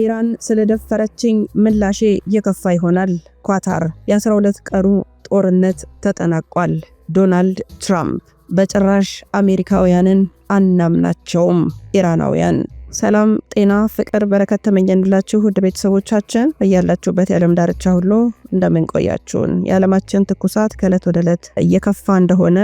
ኢራን ስለደፈረችኝ ምላሼ የከፋ ይሆናል። ኳታር የ12 ቀኑ ጦርነት ተጠናቋል። ዶናልድ ትራምፕ በጭራሽ አሜሪካውያንን አናምናቸውም። ኢራናውያን ሰላም፣ ጤና፣ ፍቅር፣ በረከት ተመኘንላችሁ ውድ ቤተሰቦቻችን እያላችሁበት የዓለም ዳርቻ ሁሉ እንደምንቆያችሁን የዓለማችን ትኩሳት ከእለት ወደ ዕለት እየከፋ እንደሆነ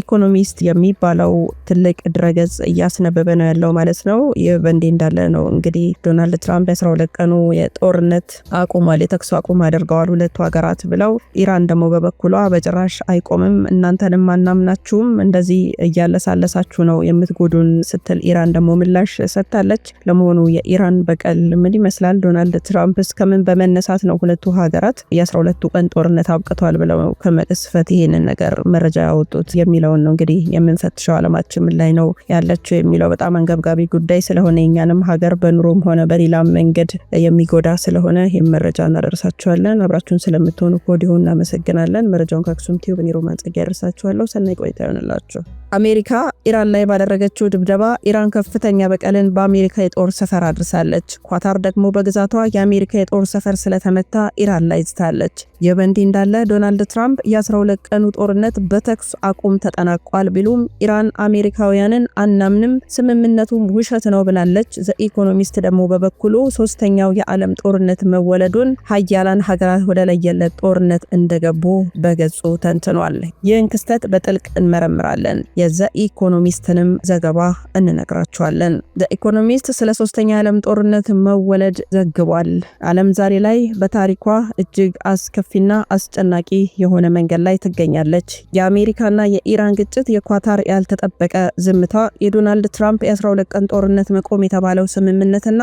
ኢኮኖሚስት የሚባለው ትልቅ ድረገጽ እያስነበበ ነው ያለው ማለት ነው። ይህ በእንዲህ እንዳለ ነው እንግዲህ ዶናልድ ትራምፕ የ ሁለት ቀኑ የጦርነት አቁሟል፣ የተኩስ አቁም አድርገዋል ሁለቱ ሀገራት ብለው፣ ኢራን ደግሞ በበኩሏ በጭራሽ አይቆምም፣ እናንተንም አናምናችሁም፣ እንደዚህ እያለሳለሳችሁ ነው የምትጎዱን ስትል ኢራን ደግሞ ምላሽ ሰጥታለች። ለመሆኑ የኢራን በቀል ምን ይመስላል? ዶናልድ ትራምፕስ ከምን በመነሳት ነው ሁለቱ ሀገራት የ12ቱ ቀን ጦርነት አብቅቷል ብለው ከመቅስፈት ይህንን ነገር መረጃ ያወጡት የሚለውን ነው እንግዲህ የምንፈትሸው። አለማችን ላይ ነው ያለችው የሚለው በጣም አንገብጋቢ ጉዳይ ስለሆነ የኛንም ሀገር በኑሮም ሆነ በሌላም መንገድ የሚጎዳ ስለሆነ ይህም መረጃ እናደርሳችኋለን። አብራችሁን ስለምትሆኑ ከወዲሁ እናመሰግናለን። መረጃውን ከአክሱም ቲዩብ እኔ ሮማን ያደርሳችኋለሁ። ሰናይ ቆይታ ይሆንላችሁ። አሜሪካ ኢራን ላይ ባደረገችው ድብደባ ኢራን ከፍተኛ በቀልን በአሜሪካ የጦር ሰፈር አድርሳለች። ኳታር ደግሞ በግዛቷ የአሜሪካ የጦር ሰፈር ስለተመታ ኢራን ላይ ዝታለች። ይህ በእንዲህ እንዳለ ዶናልድ ትራምፕ የ12 ቀኑ ጦርነት በተኩስ አቁም ተጠናቋል ቢሉም ኢራን አሜሪካውያንን አናምንም፣ ስምምነቱም ውሸት ነው ብላለች። ዘኢኮኖሚስት ደግሞ በበኩሉ ሶስተኛው የዓለም ጦርነት መወለዱን ሀያላን ሀገራት ወደ ለየለት ጦርነት እንደገቡ በገጹ ተንትኗል። ይህን ክስተት በጥልቅ እንመረምራለን። የዘ ኢኮኖሚስትንም ዘገባ እንነግራችኋለን። ኢኮኖሚስት ስለ ሶስተኛ ዓለም ጦርነት መወለድ ዘግቧል። ዓለም ዛሬ ላይ በታሪኳ እጅግ አስከፊና አስጨናቂ የሆነ መንገድ ላይ ትገኛለች። የአሜሪካና የኢራን ግጭት፣ የኳታር ያልተጠበቀ ዝምታ፣ የዶናልድ ትራምፕ የ12 ቀን ጦርነት መቆም የተባለው ስምምነትና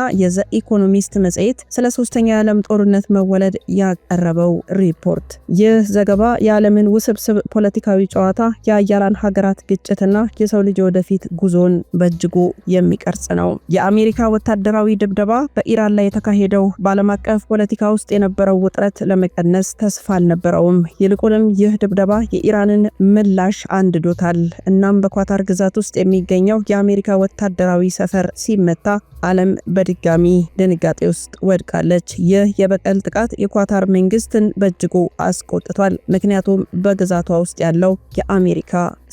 ኢኮኖሚስት መጽሔት ስለ ሶስተኛ ዓለም ጦርነት መወለድ ያቀረበው ሪፖርት። ይህ ዘገባ የዓለምን ውስብስብ ፖለቲካዊ ጨዋታ፣ የአያላን ሀገራት ግጭት ግጭትና የሰው ልጅ ወደፊት ጉዞን በእጅጉ የሚቀርጽ ነው። የአሜሪካ ወታደራዊ ድብደባ በኢራን ላይ የተካሄደው በዓለም አቀፍ ፖለቲካ ውስጥ የነበረው ውጥረት ለመቀነስ ተስፋ አልነበረውም። ይልቁንም ይህ ድብደባ የኢራንን ምላሽ አንድዶታል። እናም በኳታር ግዛት ውስጥ የሚገኘው የአሜሪካ ወታደራዊ ሰፈር ሲመታ ዓለም በድጋሚ ድንጋጤ ውስጥ ወድቃለች። ይህ የበቀል ጥቃት የኳታር መንግስትን በእጅጉ አስቆጥቷል። ምክንያቱም በግዛቷ ውስጥ ያለው የአሜሪካ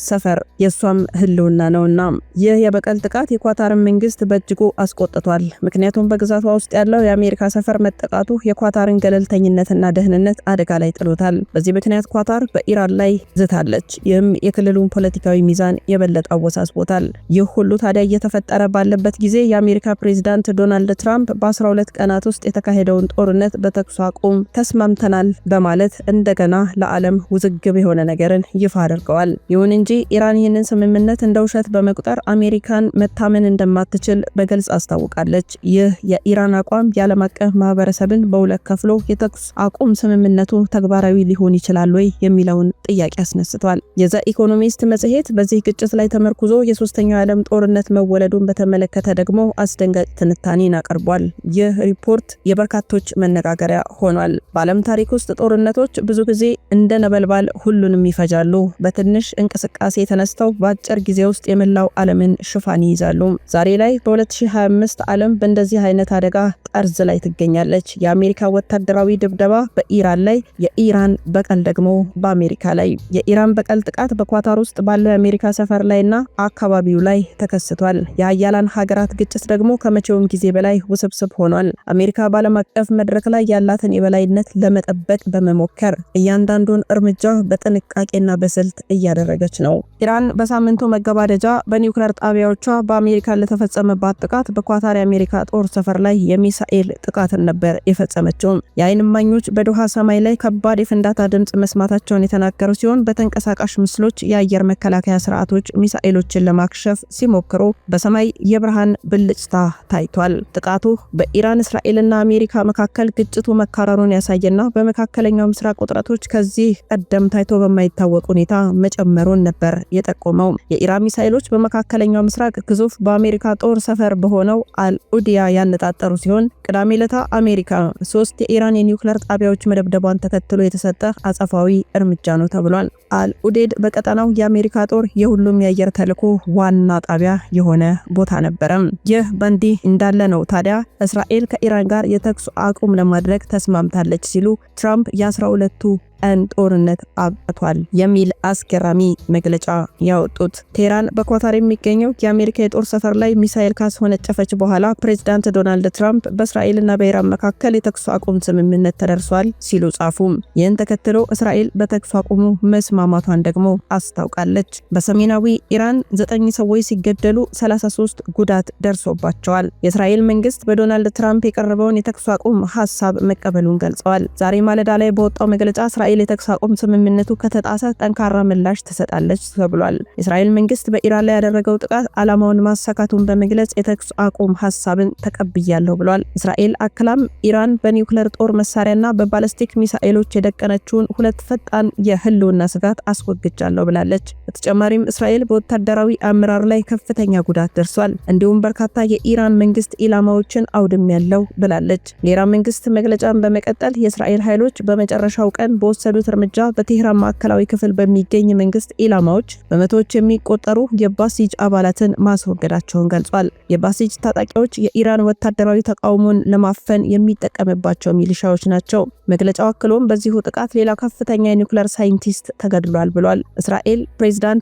ሰፈር የእሷም ህልውና ነውና። ይህ የበቀል ጥቃት የኳታርን መንግስት በእጅጉ አስቆጥቷል። ምክንያቱም በግዛቷ ውስጥ ያለው የአሜሪካ ሰፈር መጠቃቱ የኳታርን ገለልተኝነትና ደህንነት አደጋ ላይ ጥሎታል። በዚህ ምክንያት ኳታር በኢራን ላይ ዝታለች። ይህም የክልሉን ፖለቲካዊ ሚዛን የበለጠ አወሳስቦታል። ይህ ሁሉ ታዲያ እየተፈጠረ ባለበት ጊዜ የአሜሪካ ፕሬዚዳንት ዶናልድ ትራምፕ በ12 ቀናት ውስጥ የተካሄደውን ጦርነት በተኩስ አቁም ተስማምተናል በማለት እንደገና ለዓለም ውዝግብ የሆነ ነገርን ይፋ አድርገዋል። ይሁን እንጂ ኢራን ይህንን ስምምነት እንደ ውሸት በመቁጠር አሜሪካን መታመን እንደማትችል በግልጽ አስታውቃለች። ይህ የኢራን አቋም የዓለም አቀፍ ማህበረሰብን በሁለት ከፍሎ የተኩስ አቁም ስምምነቱ ተግባራዊ ሊሆን ይችላል ወይ የሚለውን ጥያቄ አስነስቷል። የዘ ኢኮኖሚስት መጽሔት በዚህ ግጭት ላይ ተመርኩዞ የሶስተኛው የዓለም ጦርነት መወለዱን በተመለከተ ደግሞ አስደንጋጭ ትንታኔን አቅርቧል። ይህ ሪፖርት የበርካቶች መነጋገሪያ ሆኗል። በዓለም ታሪክ ውስጥ ጦርነቶች ብዙ ጊዜ እንደ ነበልባል ሁሉንም ይፈጃሉ። በትንሽ እንቅስቃሴ ተነስተ ተከማችተው በአጭር ጊዜ ውስጥ የመላው ዓለምን ሽፋን ይይዛሉ። ዛሬ ላይ በ2025 ዓለም በእንደዚህ አይነት አደጋ ጠርዝ ላይ ትገኛለች። የአሜሪካ ወታደራዊ ድብደባ በኢራን ላይ፣ የኢራን በቀል ደግሞ በአሜሪካ ላይ። የኢራን በቀል ጥቃት በኳታር ውስጥ ባለው የአሜሪካ ሰፈር ላይና አካባቢው ላይ ተከስቷል። የአያላን ሀገራት ግጭት ደግሞ ከመቼውም ጊዜ በላይ ውስብስብ ሆኗል። አሜሪካ በዓለም አቀፍ መድረክ ላይ ያላትን የበላይነት ለመጠበቅ በመሞከር እያንዳንዱን እርምጃ በጥንቃቄና በስልት እያደረገች ነው። ኢራን በሳምንቱ መገባደጃ በኒውክለር ጣቢያዎቿ በአሜሪካ ለተፈጸመባት ጥቃት በኳታር የአሜሪካ ጦር ሰፈር ላይ የሚሳኤል ጥቃትን ነበር የፈጸመችው። የአይን እማኞች በዶሃ ሰማይ ላይ ከባድ የፍንዳታ ድምፅ መስማታቸውን የተናገሩ ሲሆን በተንቀሳቃሽ ምስሎች የአየር መከላከያ ስርዓቶች ሚሳኤሎችን ለማክሸፍ ሲሞክሩ በሰማይ የብርሃን ብልጭታ ታይቷል። ጥቃቱ በኢራን እስራኤልና አሜሪካ መካከል ግጭቱ መካረሩን ያሳየና በመካከለኛው ምስራቅ ውጥረቶች ከዚህ ቀደም ታይቶ በማይታወቅ ሁኔታ መጨመሩን ነበር የጠ የጠቆመው። የኢራን ሚሳይሎች በመካከለኛው ምስራቅ ግዙፍ በአሜሪካ ጦር ሰፈር በሆነው አልኡዲያ ያነጣጠሩ ሲሆን ቅዳሜ ለታ አሜሪካ ሶስት የኢራን የኒውክሌር ጣቢያዎች መደብደቧን ተከትሎ የተሰጠ አጸፋዊ እርምጃ ነው ተብሏል። አልኡዴድ በቀጠናው የአሜሪካ ጦር የሁሉም የአየር ተልዕኮ ዋና ጣቢያ የሆነ ቦታ ነበረም። ይህ በእንዲህ እንዳለ ነው ታዲያ እስራኤል ከኢራን ጋር የተኩስ አቁም ለማድረግ ተስማምታለች ሲሉ ትራምፕ የ12ቱ ቀን ጦርነት አብቅቷል የሚል አስገራሚ መግለጫ ያወጡት ቴህራን በኳታር የሚገኘው የአሜሪካ የጦር ሰፈር ላይ ሚሳኤል ካስወነጨፈች በኋላ ፕሬዚዳንት ዶናልድ ትራምፕ በእስራኤልና በኢራን መካከል የተኩስ አቁም ስምምነት ተደርሷል ሲሉ ጻፉም። ይህን ተከትሎ እስራኤል በተኩስ አቁሙ መስማማቷን ደግሞ አስታውቃለች። በሰሜናዊ ኢራን ዘጠኝ ሰዎች ሲገደሉ 33 ጉዳት ደርሶባቸዋል። የእስራኤል መንግስት በዶናልድ ትራምፕ የቀረበውን የተኩስ አቁም ሀሳብ መቀበሉን ገልጸዋል። ዛሬ ማለዳ ላይ በወጣው መግለጫ የእስራኤል የተኩስ አቁም ስምምነቱ ከተጣሰ ጠንካራ ምላሽ ትሰጣለች ተብሏል። የእስራኤል መንግስት በኢራን ላይ ያደረገው ጥቃት ዓላማውን ማሳካቱን በመግለጽ የተኩስ አቁም ሀሳብን ተቀብያለሁ ብሏል። እስራኤል አክላም ኢራን በኒውክለር ጦር መሳሪያና በባለስቲክ ሚሳኤሎች የደቀነችውን ሁለት ፈጣን የህልውና ስጋት አስወግጃለሁ ብላለች። በተጨማሪም እስራኤል በወታደራዊ አመራር ላይ ከፍተኛ ጉዳት ደርሷል፣ እንዲሁም በርካታ የኢራን መንግስት ኢላማዎችን አውድም ያለው ብላለች። የኢራን መንግስት መግለጫን በመቀጠል የእስራኤል ኃይሎች በመጨረሻው ቀን በወ የወሰዱት እርምጃ በቴህራን ማዕከላዊ ክፍል በሚገኝ መንግስት ኢላማዎች በመቶዎች የሚቆጠሩ የባሲጅ አባላትን ማስወገዳቸውን ገልጿል። የባሲጅ ታጣቂዎች የኢራን ወታደራዊ ተቃውሞን ለማፈን የሚጠቀምባቸው ሚሊሻዎች ናቸው። መግለጫው አክሎም በዚሁ ጥቃት ሌላ ከፍተኛ የኒውክሌር ሳይንቲስት ተገድሏል ብሏል። እስራኤል ፕሬዚዳንት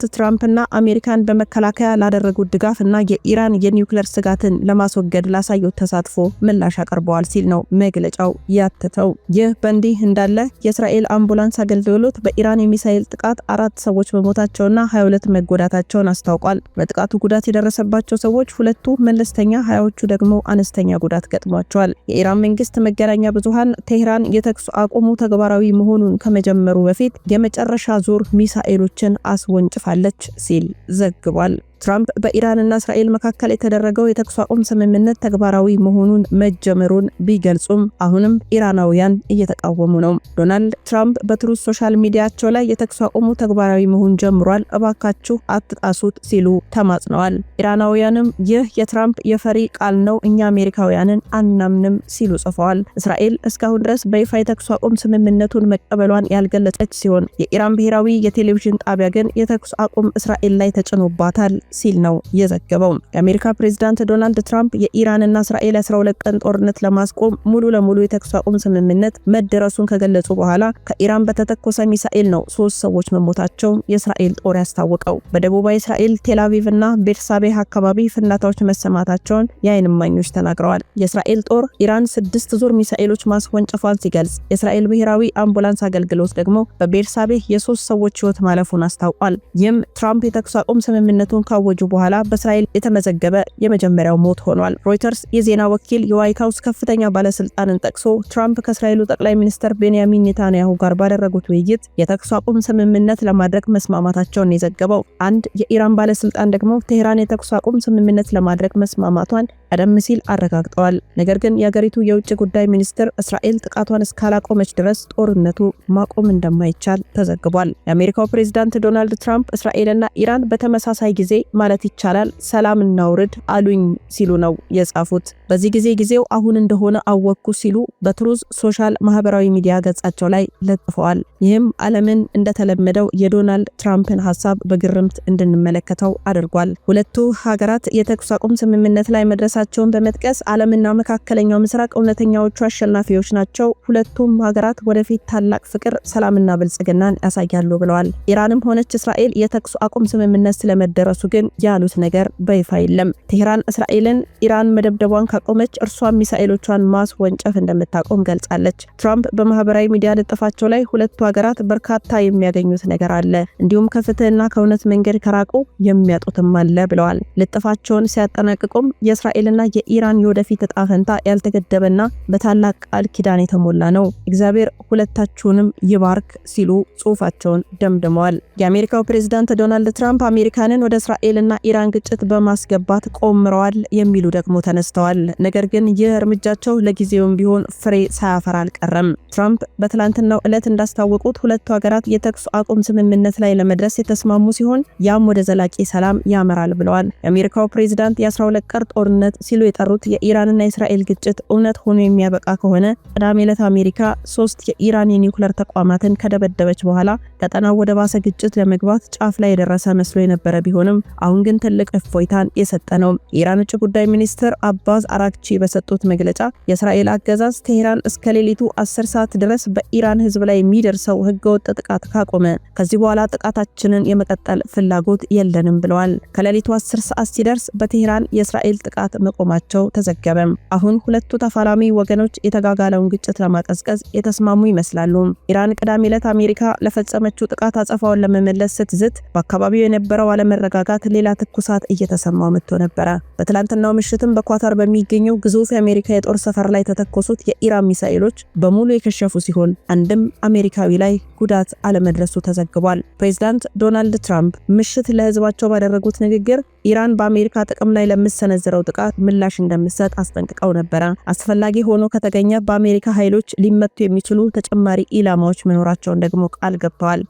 እና አሜሪካን በመከላከያ ላደረጉት ድጋፍ እና የኢራን የኒውክለር ስጋትን ለማስወገድ ላሳየው ተሳትፎ ምላሽ አቅርበዋል ሲል ነው መግለጫው ያተተው። ይህ በእንዲህ እንዳለ የእስራኤል አምባ የአምቡላንስ አገልግሎት በኢራን የሚሳኤል ጥቃት አራት ሰዎች መሞታቸውና 22 መጎዳታቸውን አስታውቋል። በጥቃቱ ጉዳት የደረሰባቸው ሰዎች ሁለቱ መለስተኛ፣ ሀያዎቹ ደግሞ አነስተኛ ጉዳት ገጥሟቸዋል። የኢራን መንግስት መገናኛ ብዙሃን ቴህራን የተኩስ አቁሙ ተግባራዊ መሆኑን ከመጀመሩ በፊት የመጨረሻ ዙር ሚሳኤሎችን አስወንጭፋለች ሲል ዘግቧል። ትራምፕ በኢራንና እስራኤል መካከል የተደረገው የተኩስ አቁም ስምምነት ተግባራዊ መሆኑን መጀመሩን ቢገልጹም አሁንም ኢራናውያን እየተቃወሙ ነው። ዶናልድ ትራምፕ በትሩዝ ሶሻል ሚዲያቸው ላይ የተኩስ አቁሙ ተግባራዊ መሆን ጀምሯል፣ እባካችሁ አትጣሱት ሲሉ ተማጽነዋል። ኢራናውያንም ይህ የትራምፕ የፈሪ ቃል ነው፣ እኛ አሜሪካውያንን አናምንም ሲሉ ጽፈዋል። እስራኤል እስካሁን ድረስ በይፋ የተኩስ አቁም ስምምነቱን መቀበሏን ያልገለጸች ሲሆን የኢራን ብሔራዊ የቴሌቪዥን ጣቢያ ግን የተኩስ አቁም እስራኤል ላይ ተጭኖባታል ሲል ነው የዘገበው። የአሜሪካ ፕሬዚዳንት ዶናልድ ትራምፕ የኢራንና እስራኤል 12 ቀን ጦርነት ለማስቆም ሙሉ ለሙሉ የተኩስ አቁም ስምምነት መደረሱን ከገለጹ በኋላ ከኢራን በተተኮሰ ሚሳኤል ነው ሶስት ሰዎች መሞታቸው የእስራኤል ጦር ያስታወቀው። በደቡባዊ እስራኤል ቴልአቪቭ እና ቤርሳቤህ አካባቢ ፍንዳታዎች መሰማታቸውን የአይን እማኞች ተናግረዋል። የእስራኤል ጦር ኢራን ስድስት ዙር ሚሳኤሎች ማስወንጨፏን ሲገልጽ፣ የእስራኤል ብሔራዊ አምቡላንስ አገልግሎት ደግሞ በቤርሳቤህ የሶስት ሰዎች ህይወት ማለፉን አስታውቋል። ይህም ትራምፕ የተኩስ አቁም ስምምነቱን ካወጁ በኋላ በእስራኤል የተመዘገበ የመጀመሪያው ሞት ሆኗል። ሮይተርስ የዜና ወኪል የዋይት ሀውስ ከፍተኛ ባለስልጣንን ጠቅሶ ትራምፕ ከእስራኤሉ ጠቅላይ ሚኒስትር ቤንያሚን ኔታንያሁ ጋር ባደረጉት ውይይት የተኩስ አቁም ስምምነት ለማድረግ መስማማታቸውን የዘገበው አንድ የኢራን ባለስልጣን ደግሞ ቴህራን የተኩስ አቁም ስምምነት ለማድረግ መስማማቷን ቀደም ሲል አረጋግጠዋል። ነገር ግን የአገሪቱ የውጭ ጉዳይ ሚኒስትር እስራኤል ጥቃቷን እስካላቆመች ድረስ ጦርነቱ ማቆም እንደማይቻል ተዘግቧል። የአሜሪካው ፕሬዚዳንት ዶናልድ ትራምፕ እስራኤልና ኢራን በተመሳሳይ ጊዜ ማለት ይቻላል ሰላም እናውርድ አሉኝ ሲሉ ነው የጻፉት። በዚህ ጊዜ ጊዜው አሁን እንደሆነ አወቅኩ ሲሉ በትሩዝ ሶሻል ማህበራዊ ሚዲያ ገጻቸው ላይ ለጥፈዋል። ይህም ዓለምን እንደተለመደው የዶናልድ ትራምፕን ሀሳብ በግርምት እንድንመለከተው አድርጓል። ሁለቱ ሀገራት የተኩስ አቁም ስምምነት ላይ መድረሳቸውን በመጥቀስ ዓለምና መካከለኛው ምስራቅ እውነተኛዎቹ አሸናፊዎች ናቸው፣ ሁለቱም ሀገራት ወደፊት ታላቅ ፍቅር፣ ሰላምና ብልጽግናን ያሳያሉ ብለዋል። ኢራንም ሆነች እስራኤል የተኩስ አቁም ስምምነት ስለመደረሱ ግን ግን ያሉት ነገር በይፋ የለም። ቴህራን እስራኤልን ኢራን መደብደቧን ካቆመች እርሷ ሚሳኤሎቿን ማስወንጨፍ እንደምታቆም ገልጻለች። ትራምፕ በማህበራዊ ሚዲያ ልጥፋቸው ላይ ሁለቱ ሀገራት በርካታ የሚያገኙት ነገር አለ፣ እንዲሁም ከፍትህና ከእውነት መንገድ ከራቁ የሚያጡትም አለ ብለዋል። ልጥፋቸውን ሲያጠናቅቁም የእስራኤልና የኢራን የወደፊት እጣ ፈንታ ያልተገደበና በታላቅ ቃል ኪዳን የተሞላ ነው፣ እግዚአብሔር ሁለታችሁንም ይባርክ ሲሉ ጽሁፋቸውን ደምድመዋል። የአሜሪካው ፕሬዚዳንት ዶናልድ ትራምፕ አሜሪካንን ወደ እስራኤል የእስራኤልና ኢራን ግጭት በማስገባት ቆምረዋል የሚሉ ደግሞ ተነስተዋል። ነገር ግን ይህ እርምጃቸው ለጊዜውም ቢሆን ፍሬ ሳያፈራ አልቀረም። ትራምፕ በትላንትናው ዕለት እንዳስታወቁት ሁለቱ ሀገራት የተኩስ አቁም ስምምነት ላይ ለመድረስ የተስማሙ ሲሆን ያም ወደ ዘላቂ ሰላም ያመራል ብለዋል። የአሜሪካው ፕሬዚዳንት የ12 ቀር ጦርነት ሲሉ የጠሩት የኢራንና የእስራኤል ግጭት እውነት ሆኖ የሚያበቃ ከሆነ ቅዳሜ ዕለት አሜሪካ ሶስት የኢራን የኒውክለር ተቋማትን ከደበደበች በኋላ ቀጠናው ወደ ባሰ ግጭት ለመግባት ጫፍ ላይ የደረሰ መስሎ የነበረ ቢሆንም አሁን ግን ትልቅ እፎይታን የሰጠ ነው። የኢራን ውጭ ጉዳይ ሚኒስትር አባስ አራክቺ በሰጡት መግለጫ የእስራኤል አገዛዝ ቴሄራን እስከ ሌሊቱ 10 ሰዓት ድረስ በኢራን ህዝብ ላይ የሚደርሰው ህገወጥ ጥቃት ካቆመ ከዚህ በኋላ ጥቃታችንን የመቀጠል ፍላጎት የለንም ብለዋል። ከሌሊቱ 10 ሰዓት ሲደርስ በቴሄራን የእስራኤል ጥቃት መቆማቸው ተዘገበ። አሁን ሁለቱ ተፋላሚ ወገኖች የተጋጋለውን ግጭት ለማቀዝቀዝ የተስማሙ ይመስላሉ። ኢራን ቅዳሜ ዕለት አሜሪካ ለፈጸመችው ጥቃት አጸፋውን ለመመለስ ስትዝት በአካባቢው የነበረው አለመረጋጋት ሰዓት ሌላ ትኩሳት እየተሰማው መጥቶ ነበረ። በትላንትናው ምሽትም በኳታር በሚገኘው ግዙፍ የአሜሪካ የጦር ሰፈር ላይ ተተኮሱት የኢራን ሚሳኤሎች በሙሉ የከሸፉ ሲሆን አንድም አሜሪካዊ ላይ ጉዳት አለመድረሱ ተዘግቧል። ፕሬዚዳንት ዶናልድ ትራምፕ ምሽት ለህዝባቸው ባደረጉት ንግግር ኢራን በአሜሪካ ጥቅም ላይ ለምሰነዝረው ጥቃት ምላሽ እንደምትሰጥ አስጠንቅቀው ነበረ። አስፈላጊ ሆኖ ከተገኘ በአሜሪካ ኃይሎች ሊመቱ የሚችሉ ተጨማሪ ኢላማዎች መኖራቸውን ደግሞ ቃል ገብተዋል።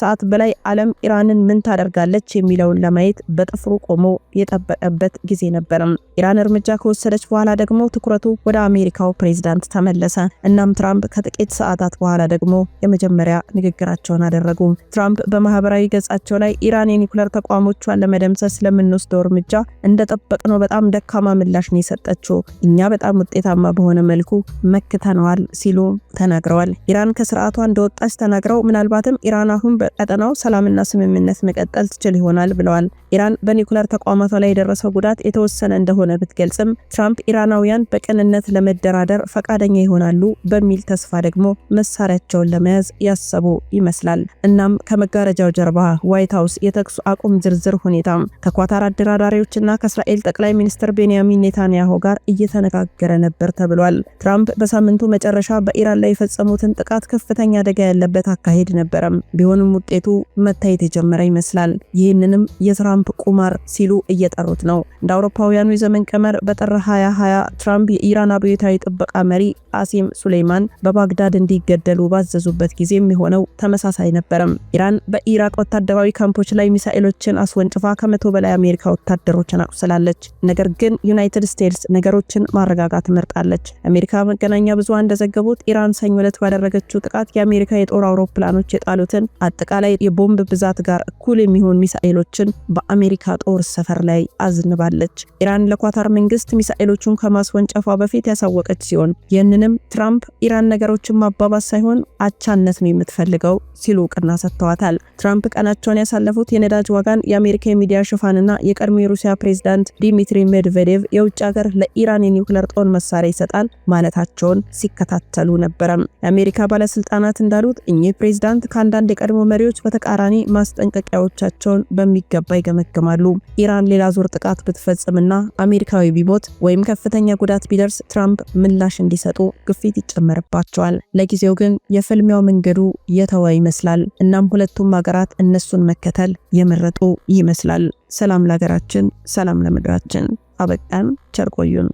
ሰዓት በላይ ዓለም ኢራንን ምን ታደርጋለች የሚለውን ለማየት በጥፍሩ ቆሞ የጠበቀበት ጊዜ ነበርም። ኢራን እርምጃ ከወሰደች በኋላ ደግሞ ትኩረቱ ወደ አሜሪካው ፕሬዝዳንት ተመለሰ። እናም ትራምፕ ከጥቂት ሰዓታት በኋላ ደግሞ የመጀመሪያ ንግግራቸውን አደረጉ። ትራምፕ በማህበራዊ ገጻቸው ላይ ኢራን የኒኩለር ተቋሞቿን ለመደምሰስ ለምን የምንወስደው እርምጃ እንደጠበቅነው በጣም ደካማ ምላሽ ነው የሰጠችው፣ እኛ በጣም ውጤታማ በሆነ መልኩ መክተነዋል ሲሉ ተናግረዋል። ኢራን ከስርዓቷ እንደወጣች ተናግረው ምናልባትም ኢራን አሁን በቀጠናው ሰላምና ስምምነት መቀጠል ትችል ይሆናል ብለዋል። ኢራን በኒኩለር ተቋማቷ ላይ የደረሰው ጉዳት የተወሰነ እንደሆነ ብትገልጽም ትራምፕ ኢራናውያን በቅንነት ለመደራደር ፈቃደኛ ይሆናሉ በሚል ተስፋ ደግሞ መሳሪያቸውን ለመያዝ ያሰቡ ይመስላል። እናም ከመጋረጃው ጀርባ ዋይት ሀውስ የተኩስ አቁም ዝርዝር ሁኔታ ከኳታር የአንካራ አደራዳሪዎችና ከእስራኤል ጠቅላይ ሚኒስትር ቤንያሚን ኔታንያሁ ጋር እየተነጋገረ ነበር ተብሏል። ትራምፕ በሳምንቱ መጨረሻ በኢራን ላይ የፈጸሙትን ጥቃት ከፍተኛ አደጋ ያለበት አካሄድ ነበረም። ቢሆንም ውጤቱ መታየት የጀመረ ይመስላል። ይህንንም የትራምፕ ቁማር ሲሉ እየጠሩት ነው። እንደ አውሮፓውያኑ የዘመን ቀመር በጥር 2020 ትራምፕ የኢራን አብዮታዊ ጥበቃ መሪ አሲም ሱሌይማን በባግዳድ እንዲገደሉ ባዘዙበት ጊዜ የሚሆነው ተመሳሳይ ነበረም። ኢራን በኢራቅ ወታደራዊ ካምፖች ላይ ሚሳኤሎችን አስወንጭፋ ከመቶ በላይ የአሜሪካ ወታደሮችን አቁስላለች። ነገር ግን ዩናይትድ ስቴትስ ነገሮችን ማረጋጋት መርጣለች። አሜሪካ መገናኛ ብዙሃን እንደዘገቡት ኢራን ሰኞ ዕለት ባደረገችው ጥቃት የአሜሪካ የጦር አውሮፕላኖች የጣሉትን አጠቃላይ የቦምብ ብዛት ጋር እኩል የሚሆን ሚሳኤሎችን በአሜሪካ ጦር ሰፈር ላይ አዝንባለች። ኢራን ለኳታር መንግስት ሚሳኤሎቹን ከማስወንጨፏ በፊት ያሳወቀች ሲሆን ይህንንም ትራምፕ ኢራን ነገሮችን ማባባስ ሳይሆን አቻነት ነው የምትፈልገው ሲሉ እውቅና ሰጥተዋታል። ትራምፕ ቀናቸውን ያሳለፉት የነዳጅ ዋጋን፣ የአሜሪካ የሚዲያ ሽፋንና የቀድሞ የሩሲያ ፕሬዝዳንት ዲሚትሪ ሜድቬዴቭ የውጭ ሀገር ለኢራን የኒውክለር ጦር መሳሪያ ይሰጣል ማለታቸውን ሲከታተሉ ነበረ። የአሜሪካ ባለስልጣናት እንዳሉት እኚህ ፕሬዝዳንት ከአንዳንድ የቀድሞ መሪዎች በተቃራኒ ማስጠንቀቂያዎቻቸውን በሚገባ ይገመግማሉ። ኢራን ሌላ ዙር ጥቃት ብትፈጽምና አሜሪካዊ ቢሞት ወይም ከፍተኛ ጉዳት ቢደርስ ትራምፕ ምላሽ እንዲሰጡ ግፊት ይጨመርባቸዋል። ለጊዜው ግን የፍልሚያው መንገዱ የተወ ይመስላል። እናም ሁለቱም ሀገራት እነሱን መከተል የመረጡ ይመስላል። ሰላም ለሀገራችን፣ ሰላም ለምድራችን። አበቃን። ቸር ቆዩን።